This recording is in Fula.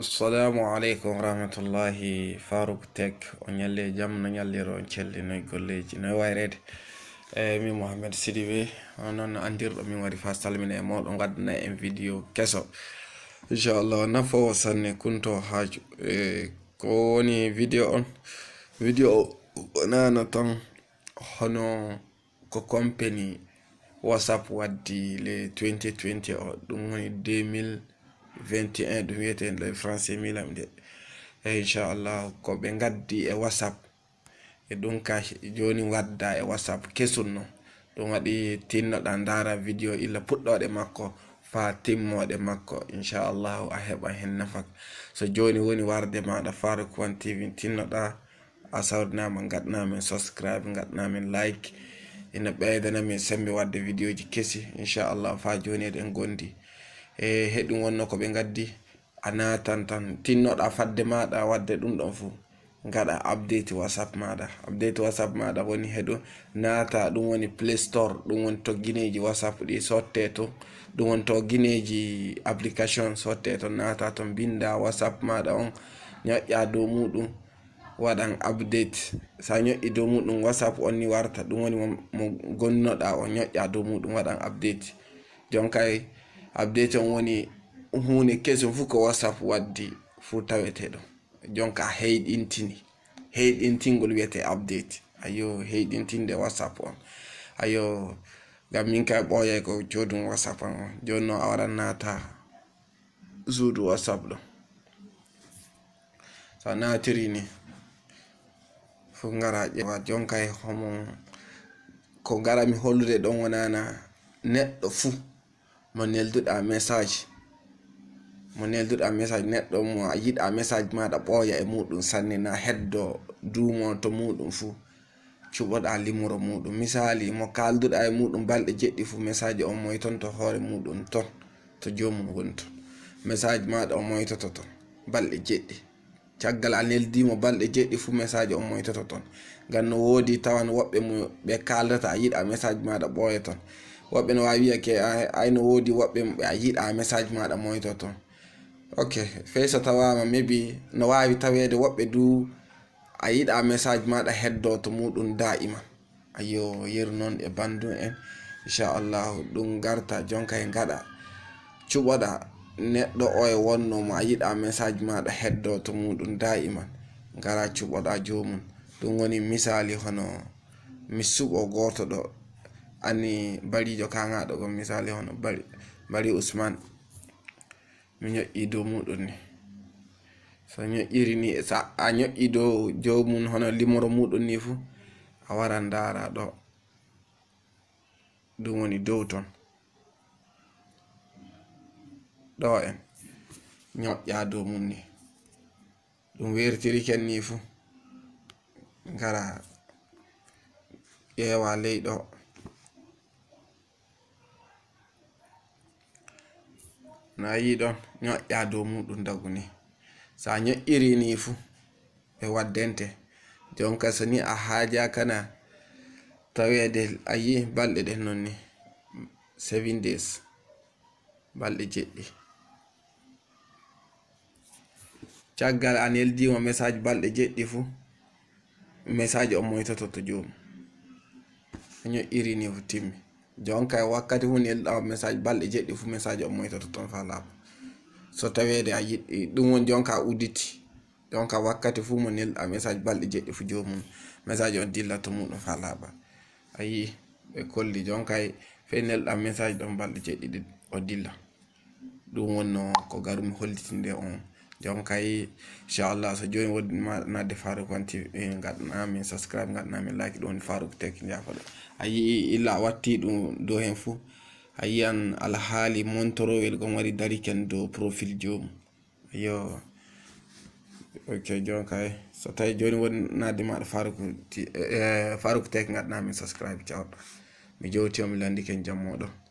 assalamu aleykum rahmatullahi farouk tek o ñalle jam no ñallire on celli noy golleji noy wayrede eyyi eh, min mouhamed sidi wi o noon andirɗo min waɗi fa salmina e moɗo gaddana en vidéo keso inchallah nafowo sanne kunto haaju e ko woni vidéo on vidéo wonano tan hono ko compagnie whatsapp waddi le 2020 o ɗum woni 2000 21 ɗum wiyete ɗo e français milam nde e inchallah ko ɓe gaddi e whatsapp e ɗum ka joni wadda e whatsapp kesum no ɗum waɗi tinnoɗa dara vidéo illa puɗɗoɗe makko fa timmoɗe makko inchallahu a heɓa hen nafak so joni woni warde maɗa fara kuwan tv tinnoɗa a sawrinama gaɗnamin subscribe gaɗnamin like ina ɓeydanamin sembe wadde vidéo ji kesi inchallahu fa joni eɗen gondi e heɗum wonno ko ɓe gaddi a natan tan tinnoɗa fadde maɗa wadde ɗum ɗon fuu gaɗa update whatsapp maɗa update whatsapp maɗa woni heɗum nata ɗum woni play store ɗum woni togguineji whatsapp ɗi sotte to ɗum woni togguineji application sotte to nata to binda whatsapp maɗa on ñoƴƴa dow muɗum waɗan update sa ñoƴƴi dow muɗum whatsapp on ni warta ɗum woni mo gonnoɗa o ñoƴƴa dow muɗum waɗan update jonkay abdeton woni hunde kesum fu ko whatsapp waddi fu tawete ɗum jonka heyɗintini heyɗintingol wiyete update ayo heyɗintinde whatsapp on ayo ngam min ka ɓooyay ko codum whatsapp an on joni non a waɗan naata suudu whatsapp ɗum so naatiri ni fu ngara ƴewa jonka homon ko ngarami hollude ɗon wonana neɗɗo fuu mo nelduɗa message mo nelduɗa message neɗɗo mo a yiɗa message maɗa ɓooya e muɗum sanne na heddo duumo to muɗum fuu cuɓoɗa limuro muɗum misali mo kalduɗa e muɗum balɗe jeɗɗi fuu message o moyton to hoore muɗum ton to jomum woni ton message maɗa o moytoto ton balɗe jeɗɗi caggal a neldimo balɗe jeɗɗi fuu message o moytoto ton ngam no woodi tawan woɓɓe mu ɓe kaldata a yiɗa message maɗa ɓooya ton woɓɓe no wawi wiyake ayno wodi woɓɓe a yiiɗa message maɗa moyto ton ok feysa tawama maybe no wawi tawede woɓɓe du a yiiɗa message maɗa heddo to muɗum da'ima ayo yeru noon e bandum en inchallahu ɗum garta jonka e gaɗa cuɓoɗa neɗɗo o e wonnomo a yiɗa message maɗa heddo to muɗum da'iman gara cuɓoɗa jomum ɗum woni misali hono mi suɓo goto ɗo ani balijo ka ng'ado go misali hono bari bari usman mi nyo'ido muɗum ni so nyo'iri ni sa a nyo'ido jomun hono limoro muɗum ni fu a wara ndara ɗo ɗum woni dow ton ɗo en nyoƴƴa dow mum ni ɗum wertiri ken ni fu gara ƴeewa ley ɗo no a yi ɗon ñoƴƴa dow muɗum dagu ni so a ñoƴƴiri ni fuu ɓe waddente jonka so ni a haaja kana taweede a yi balɗe ɗen non ni seven days balɗe jeɗɗi caggal an yeldima message balɗe jeɗɗi fuu message o moytototo joomu a ñoƴƴiri ni fu timmi jonka wakkati huni elɗawa message balɗe jeɗɗi fuu message o moytoto toon fa laaɓa so tawede a yiɗɗi ɗum woni jonka a udditi jonka wakkati fuu mo nelɗa message balɗe jeɗɗi fu jomum message on dilla to muɗum fa laaɓa ayi ɓe kolli jonkay fey nelɗa message ɗon balɗe jeɗɗiɗi o dilla ɗum wonno ko garumi hollitinde on donc ay inchallah so joni wodi nadde farouk wan tv eh, gaɗana min subscribe gaɗana min like don farouk tek jafa ɗo ayi illa watti ɗum dow hen fuu a yiyan alhaali montorowel gon wari dari ken do profil jom yo ok jom kay so tawi joni woni nadde maɗa farouk eh, farouk tek gaɗana min subscribe cawɗo mi jowti mi landi ken jammoɗo